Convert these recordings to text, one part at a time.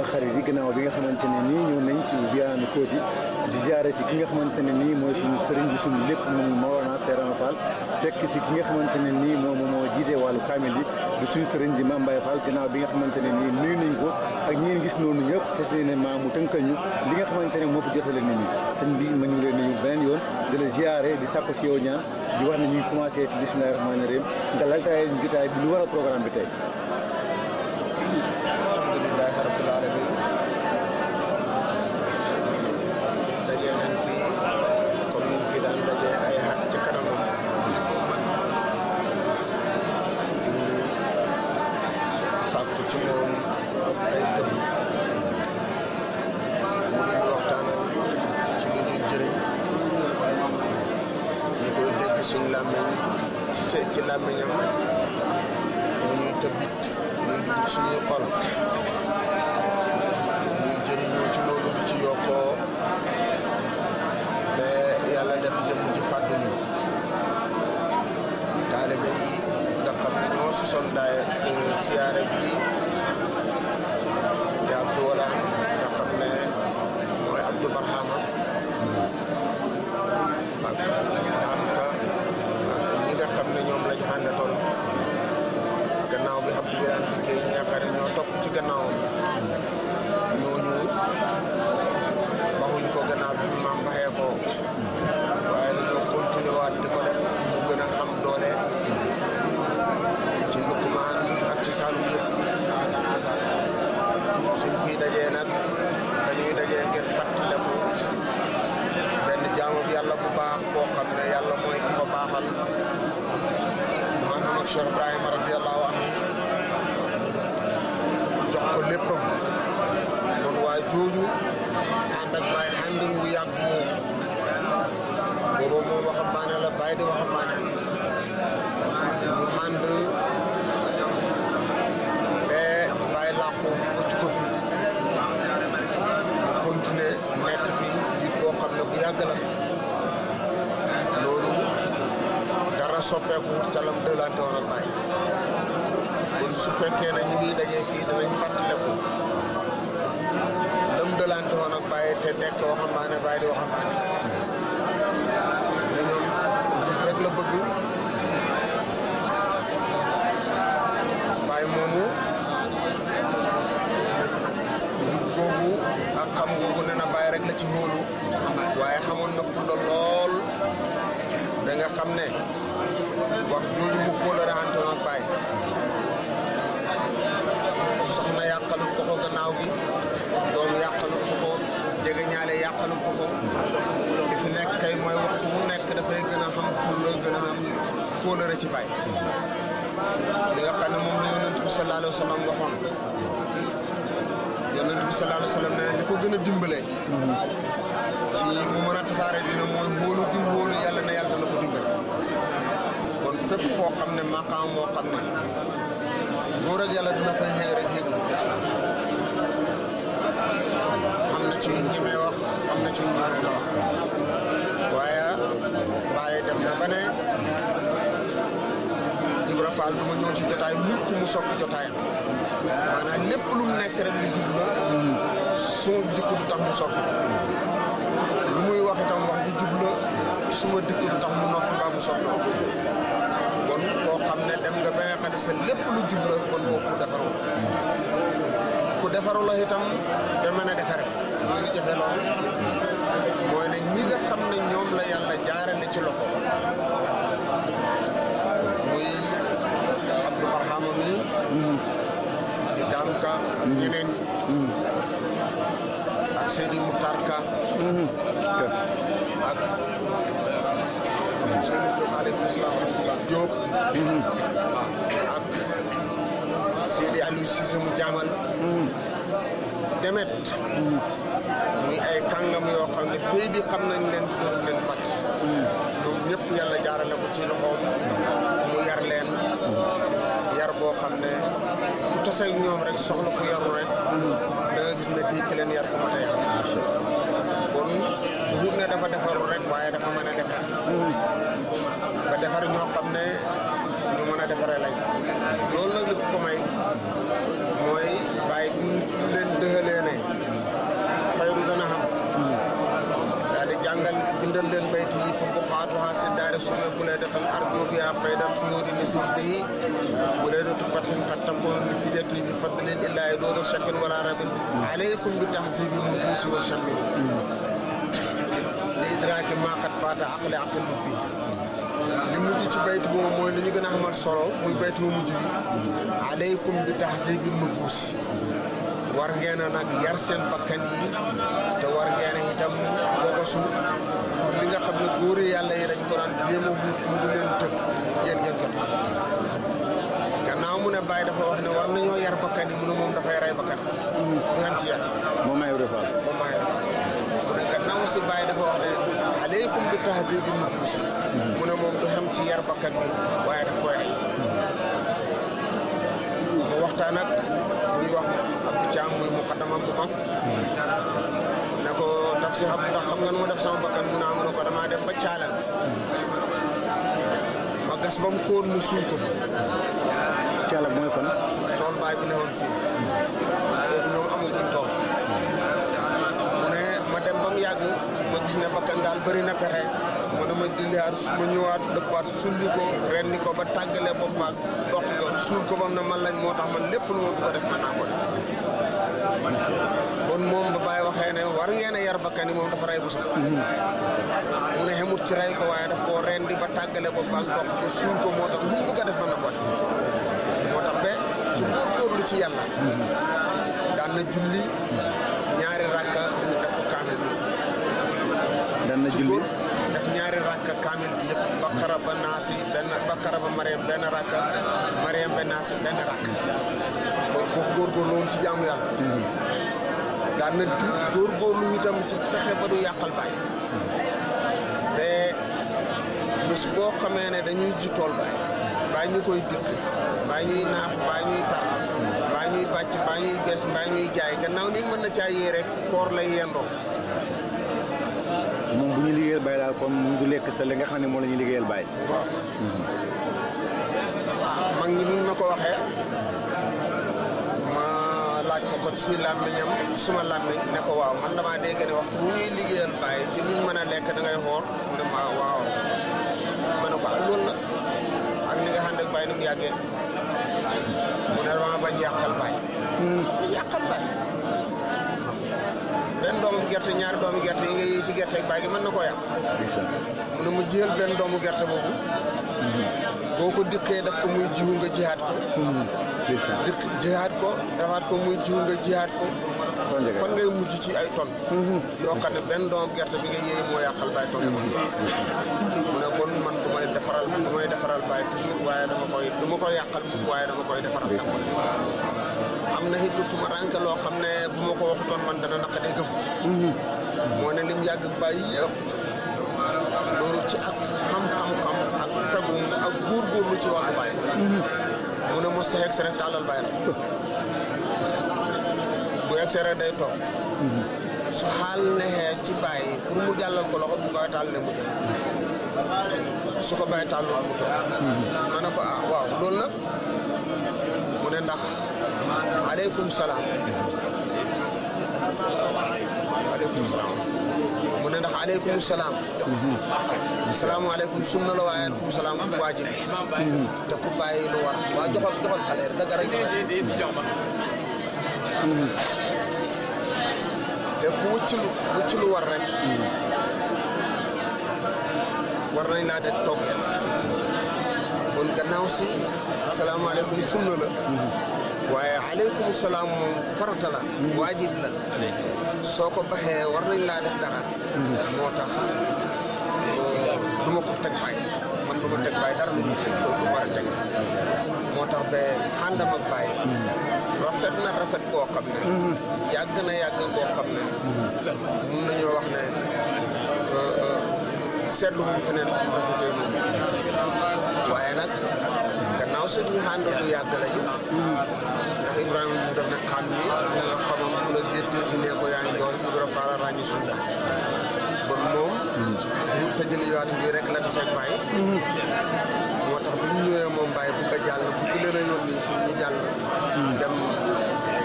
ak xarit yi gannaaw bi nga xamante ne nii ñëw nañ ci Via Nicosi di jaare ci ki nga xamante ne nii mooy suñu sëriñ bi suñu lépp moom Maolana Serana Fall fekk fi ki nga xamante ne nii moom moo jiite wàllu kaamil yi di suñu sëriñ bi Mame Mbaye Fall gannaaw bi nga xamante ne nii nuyu nañ ko ak ñeen gis noonu ñëpp fas yéene maa mu tënkal ñu li nga xamante ne moo ko jotale nit ñi sëñ bi ma ngi leen nuyu beneen yoon di la ziare di sàkku si yow ñaan di wax ne ñuy commencé si bismillahi rahmaani rahim nga laltaay jotaay bi lu war a programme bi tey seet ci làmmiñam mu ñuy tëbbit muy dugg suñuy xol muy jëriñoo ci loolu bi ci yokkoo ba def jëmm ci fàdduñu yi nga xam ne ñoo sosoon daay euh, siyaare bi ginnaaw bi Abdou Birane dikkee ñoo topp ci gannaawam ñooñu waxuñ ko gannaaw bi fi maam waxee ko waaye dañoo continué waat di ko def mu gën doole ci Ndoukoumane ak ci Saloum yëpp suñ fiy dajee nag dañuy dajee ngir fàttaliku benn jaamu yàlla bu baax boo xam ne yàlla mooy ki ko baaxal. Cheikh Ibrahima soppeeku wut calam dëlante woon ak bàyyi kon su fekkee ne ñu ngi dajee fii dinañ fàttaliku lam dëlante woon ak bàyyi te nekk waxambaane bàyyi di waxambaane ne ñoom rek la bëgg bàyyi moomu ak xam googu ne na bàyyi rek la ci xóolu waaye xamoon na fulla lool da xam ne wax jooju mu kóolare antoon ak baay soxna yàqalut ko ko gannaaw gi doom yàqalut ko ko jege ñaale yàqalut ko ko li fi nekk kay mooy waxtu mu nekk dafay gën a xam fulla gën a am kóolare ci baay li nga xam ne moom la yonent bi gën a dina mm-hmm. mooy wóolu gi wóolu yàlla na fépp foo xam ne maqaam moo xam ne góor ak yàlla dina fa xëy rek na fa am na ci ñemee wax am na ci ñemee la wax waaye bàyyi dem na ba ne Ibra Fall du ma ci jotaay mukk mu soppi jotaayam maanaam lépp lu mu nekk rek lu suma dikk du tax mu soppi lu muy wax itam wax ji mu noppi xam ne dem nga ba nga xam sa lépp lu jub la kon ko ku defaru ku defaru la itam da mën a defare mu ngi jafe lool mooy ne ñi nga xam ne ñoom la yàlla jaarale ci loxo muy abdou barhama mi di damka ak ñeneen ak seydi muxtar ka ak Job ak Seydi Aliou Cissé mu jaamal demet muy ay kàngam yoo xam ne béy bi xam nañ leen dootu leen fàtt donc ñëpp yàlla jaarale ko ci loxoom mu yar leen yar boo xam ne ku taseeg ñoom rek soxla ku yaru rek da gis ne kii ki leen yar ko ma tey طلعتها سدار السماء بلادة أرجو بها فيض الفيور لصحبه بلادة فتح قد تكون بفدتي بفضل الله دون شك ولا ريب عليكم بتحزيب النفوس والشم لإدراك ما قد فات عقل عقل لبي li mujj ci bayt boobu mooy li ñu gën xamal solo muy bayt bu mujj yi bi tahzibi nufuus war ngeen a yar seen bakkan yi te war ngeen itam wogosu yàlla yi dañ ko daan mu du gannaaw mu ne Baye dafa wax ne war nañoo yar bakkan yi mu ne moom dafay rey bakkan du xam ci yar moom may refal moom may refal mu ne gannaaw si Baye dafa wax moom du xam ci yar bakkan bi waaye daf koy rey mu waxtaan ak ñuy wax Abdou Thiam muy muqaddamam bu mag def si rab ndax xam nga nu ma def sama bakkan mu naa mën a ko damaa dem ba caalam ma gas ba mu kóor mu suul ko fa. caalam mooy fan. tool baay bu newoon fii ma dem ba mu yàgg ma gis ne bakkan daal bari na pexe mu ne ma dindiwaat su ma ñëwaat dëppaat sulli ko ren ko ba tàggale bopp suul ko bam na man lañ moo man lépp lu ma bëgg def mën naa def kon moom ba bàyyi waxee ne war ngeen yar bakkani moom dafa ray bu mu ne xemut ci ray ko waaye daf koo rendi ba tàggale ko baag dox ba suul ko lu bëgg def ci na julli ñaari rakka ko na julli kaamil bi yëpp Bakara ba Naasi benn Bakara ba ci jaamu yàlla. daan na du góorgóorlu itam ci fexe ba du yàqal bàyyi. te bés boo xamee ne dañuy ji tool bàyyi. baa ñu koy dikk baa ñuy naaf baa ñuy tar baa ñuy bàcc baa ñuy bees baa ñuy jaay gannaaw nit mën na caa yee rek koor lay yendoo. moom bu ñu liggéeyal Baye daal kon du lekk sa li nga xam ne moom la ñuy liggéeyal Baye. waaw mag ñi ko waxee ma laaj suma làmmiñ ne ko waaw man damaa dégg ne waxtu bu ñuy liggéeyal Baye ci luñ mën a lekk da ngay xoor ne ma waaw ma ne ko ah loolu nag ak ni nga xam ne Baye nu mu yàggee mu ne dama bañ yàqal Baye. Hmm. yàqal Baye. gerte ñaari doomi gerte yi nga yëy ci gerte ak bàyyi mën na koo yàq. mu ne mu jël benn doomu gerte boobu. Mhm. boo ko dikkee def ko muy jiw nga jihaat ko. Mhm. dikk jihaat ko defaat ko muy jiw nga jihaat ko. fan ngay mujj ci ay ton mhm. yoo xam ne benn doom gerte bi nga yëy moo yàqal bàyyi ton mu ne kon man du defaral du may defaral bàyyi toujours waaye dama koy du ma koy yàqal mukk waaye dama koy defaral tax am na it lu tumaranke xam ne bu ma ko waxutoon man dana naqadee gëm mhm. moo ne lim yàgg bàyyi yëpp loolu ci ak xam-xam-xam ak sagum ak góorgóorlu ci wàllu bàyyi mhm. mu ne mos sa yegg rek tàllal bàyyi la bu yegg rek day toog mhm. su xaal nexee ci bàyyi pour mu jàllal ko loxo bu koy tàllalee mu jël su ko bàyyi tàllul mu toog ma ne ko ah waaw loolu nag ne ndax aleykum salaam aleykum salaam mu ne ndax aleykum salaam salaamaaleykum sunna la waaye aleykum salaam waajib te ku bàyyi lu war waa joxal joxal xale dëgg rek te ku wëcc lu wëcc lu war rek war nañ naa de toog gannaaw si salaamaaleykum sunna la waaye aleykum salaam moom farata la waajib la soo ko baxee war nañ laa def dara moo tax eh, du ko teg bay man du ma teg bay dara lu du war a teg moo tax ba àndam ak rafet na rafet boo xam ne yàgg na yàgg boo xam ne mun nañoo wax ne eh, eh, seetlu wuñ feneen fu mu rafetee noonu nag gannaaw suñu ànd bu yàgg lañu ndax Ibrahima Diouf daf na xam ni na nga xamam ku la gétteeti ne ko yaa njool Ibra Faal ràññi la bon moom bu tëjali yaatu bi rek la taseeg Baye moo tax bu ñu ñëwee moom Baye bu ko jàll bu gën a yónni ñu jàll dem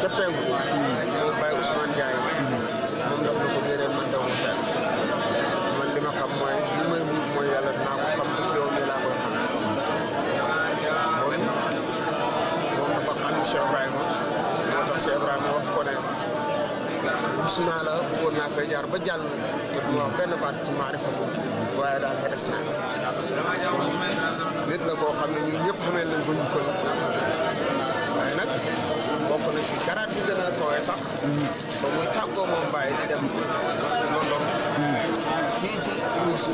ca penku su naa la bëggoon naa fay ba jàll te du benn baat ci maarifatu waaye daal xeres naa nit la koo xam ne ñun ñëpp xamee nañ ko njukkal waaye nag bokk na ci garaat bi gën a koowe sax ba muy tàggoo moom bàyyi dem London fii ci Luusi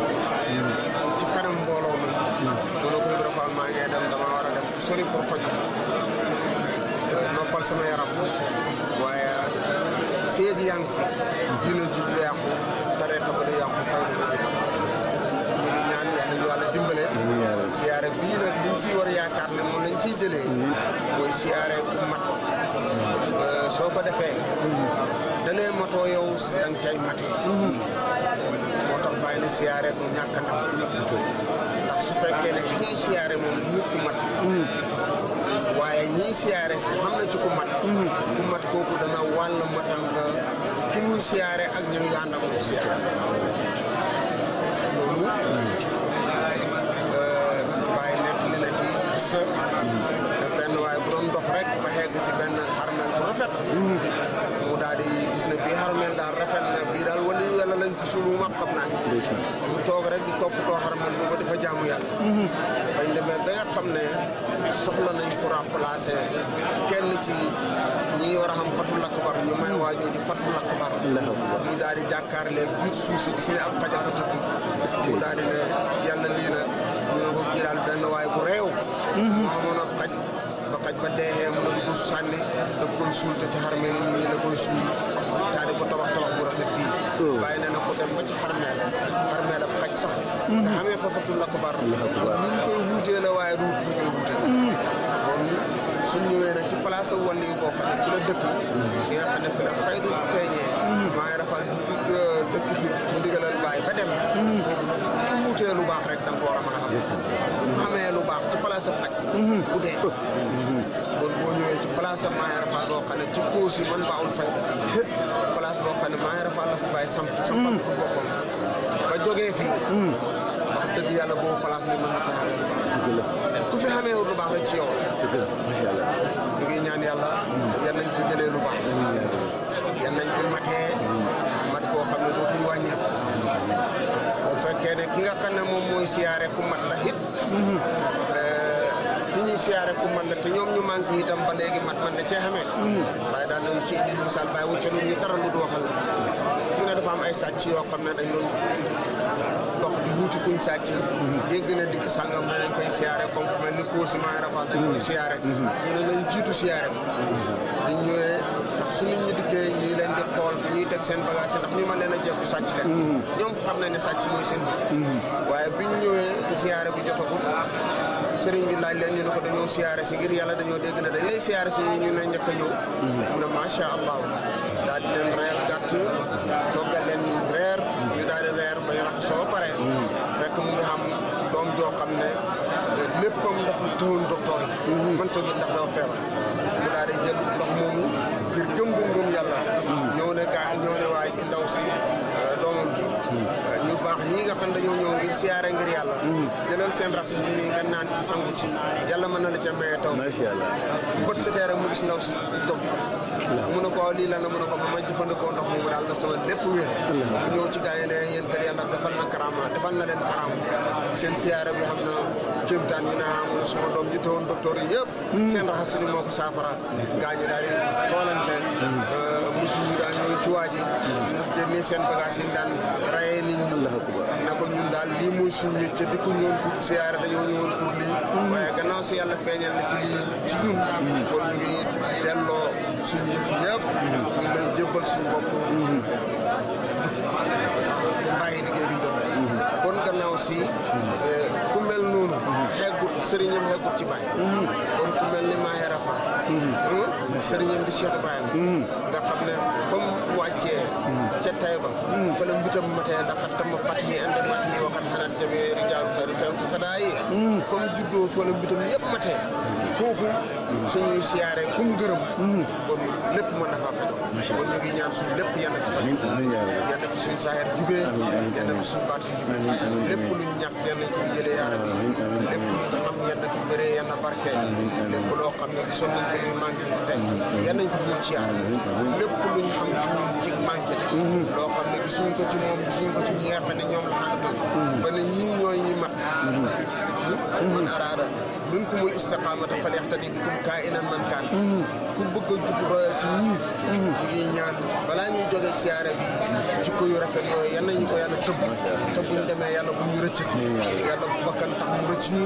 ci kanam mbooloo mi mu ne ko Ibrahima maa ngi dem dama war a dem sori pour faju noppal sama yaram waaye feeg yaa ngi fi diina yàqu tariqa ba du yàqu fayda ba du yàqu ñu ngi ñaan yal nañu yàlla dimbale siyaare bii nag liñ ciy war yaakaar ne moom lañ ciy jëlee mooy siyaare bu mat euh, soo ko defee mm-hmm. dalee matoo yow da nga cay matee mm-hmm. moo tax bàyyi na siyaare bu ñàkk a ndax su fekkee ne ki siyaare moom ñëpp mat mm-hmm. waaye ñiy siyaare si xam na ci ku mat ku mat kooku dana wàll matam nga ki muy siyaare ak ñi muy ànd ak siyaare xam naa ne mu toog rek di toppatoo xaramal booba dafa jaamu yàlla mhm. bañ demee ba nga xam ne soxla nañ ko remplacer kenn ci ñi war a xam fatul akbar ñu may waajoo ji fatul akbar mu daal di jàkkaarlee biir suuf si gis ne di ne yàlla lii nag ñu ne ko kii daal benn waay bu réew mhm. amoon a xaj ba xaj ba deexee mu ne ko sànni daf koy suul te ci xarmee nit ñi la koy suul daal di ko tabax tabax bu rafet bii Hmm. bàyyi na ne ko dem ba ci xarmeel xarmeel ab xaj sax hmm. nga xamee fafatul la ko bar ni ñu koy wuutee la waaye du fi ñu koy wuutee kon hmm. suñ ñëwee nag ci place wàllu yi boo xam fi la dëkk fi nga xam ne fi la faydu euh, ba dem lu baax rek da nga ko war a mën a xam xamee lu baax ci place ab xaj dee kon boo ñëwee ci place am Mahi Arafa doo xam ne ci cause yi man baawul fayda ci place boo xam ne Mahi Arafa ba jógee fi hmm. wax dëgg yàlla boobu place bi mën na fa xamee baax ku fi xamee lu baax rek ci yow ñu yàlla hmm. yan nañ fi jëlee lu baax yan nañ fi matee hmm. mat boo xam ne dootul wàññeeku ki nga xam ne moom mooy siyaare ku mat la it siare siyaare ku man la te ñoom ñu manqué itam ba léegi mat man la cee xamee waaye daan nañu ci indil misaal bàyyi wucca lu ñu lu dafa am ay dañ doon dox di wuti kuñ sàcc dégg na dikk sàngam danañ fay siyaare rafal ñu su nit ñi leen di xool fi ñuy teg seen bagage ndax ñu mën leen a jekk leen ñoom xam nañ ne sàcc seen biir waaye biñ ñëwee jotagul sëriñ bi laaj leen ñu ne ko dañoo siyaare si ngir yàlla dañoo dégg ne dañ lay siyaare si ñu ne ñëkk a ñëw mu a macha allah daal di leen reer gàtt toggal leen reer ñu daal di reer ba rax soo pare fekk mu ngi xam doom joo xam ne léppam dafa tëwoon docteur yi mën ndax dafa feebar mu daal di jël ndox moomu ngir gëm bu yàlla ñëw ne gaa ñëw ne waay ndaw si doomam ji ñii nga xam dañoo ñëw ngir siyaare ngir yàlla mhm. jëlal seen rax si nii nga naan ci sangu ci yàlla mën na la maye taw bët sa mu gis ndaw si jóg mu ne ko lii la na mu ne ko ba ma jëfandikoo ndox moomu daal na sama lépp wér mu ñëw ci gars yi ne yéen kat yàlla defal na karaama defal na leen karaama seen siyaare bi xam na kéemtaan bi naa mu ne suma doom ji tawoon docteur yi yëpp mhm. seen raxas si moo ko saafara gaañu daal di xoolante mhm. euh, ñu ci waa ji ñu génnee seen bagage yi daan rayee nit ñi na ko ñun daal lii muy suñu métier di ko ñëwoon pour siyaare dañoo ñëwoon pour lii mm. waaye gannaaw si yàlla feeñal na ci lii mm. kon ñu ngi delloo suñu yëf yëpp mm. ñu lay jébbal suñu bopp bàyyi liggéey bi doon def kon gannaaw si eh, ku mel noonu xeggut sëriñam xeggut ci bàyyi kon ku mel ni Mahéra Fall sëriñam di Cheikh Ibrahima nga xam ne fa mu wàccee ca Taïba fa la mbitam matee ndax tam ma fàttali ande mat yi waxat xanaa tamit rijaalu kari tam xanaa yi fa mu juddoo fa la mbitam yëpp matee kooku suñuy siyaare kum gërëm kon lépp mën na faa fekk kon ñu ngi ñaan suñu lépp yàlla fa fi suñu saayar jubee yal na fi suñu baat fi jubee lépp luñ loo xam ne gisoon nañ ko muy manqué tey yal nañ ko fi ci yaara ci ñun jig loo xam ne gisuñ ko ci moom gisuñ ko ci ñi nga ñoom la xantal ba ne ñii ñooy ñi mat man mm-hmm. araada mën kumul istiqaamata fa leextani bikum kaa inan man kaan mm-hmm. ku bëgg a jub royal ci ñii mm-hmm. ñu ngi ñaan balaa ñuy jóge siyaare bi jikko yu rafet yooyu yan nañu ko yàlla tëbb te buñ demee yàlla bu ñu rëccati yàlla bu bakkan tax mu rëcc ñu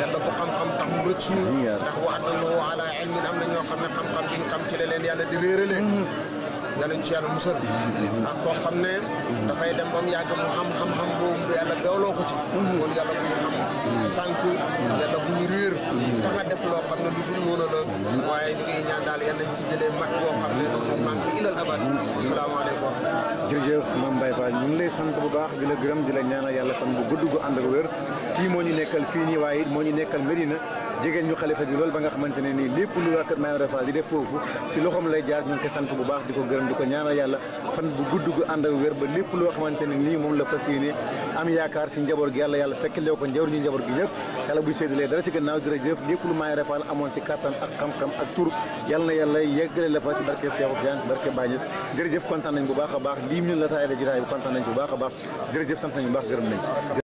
yàlla bu xam-xam tax mu rëcc ñu ndax wa adallahu ala ilmin am na ñoo xam ne xam-xam biñ xam ci la leen yàlla di réerale mm-hmm. yàlla ñu ci yàlla musal ak koo xam ne dafay dem ba mu yàgg mu xam xam-xam boobu yàlla beewloo ko ci wala yàlla bu ñu xam sànq yàlla bu ñu réer tax def loo xam ne lu dul noonu la waaye ñu ngi ñaan daal yal nañ fi jëlee mat boo xam ne dootul manqué ilal abad asalaamaaleykum jërëjëf Mame Mbaye Fall ñu ngi lay sant bu baax di la gërëm di la ñaanal yàlla fan bu gudd gu ànd ak wér kii moo ñu nekkal fii nii waaye moo ñu nekkal Medina jigéen ñu xalifa ji loolu ba nga xamante ne nii lépp lu waa kër Maam Ibra Fall def foofu si loxoom lay jaar ñu ngi sant bu baax di ko gërëm di ko ñaanal yàlla fan bu gudd gu ànd ak wér ba lépp loo xamante ne nii moom la fas yéene am yaakaar si njaboot gi yàlla yàlla fekk lew ko njawr ñu njaboot gi ñëpp yàlla buy séddalee dara si gannaaw jërëjëf lépp lu Maam Ibra amoon si kattan ak xam-xam ak tur yàlla na yàlla yeggale la fa si barke Seexu Tijaan si barke Baay Ñas jërëjëf kontaan nañ bu baax a baax lii mu la taay la jiraay bu bu baax baax jërëjëf sant nañ bu baax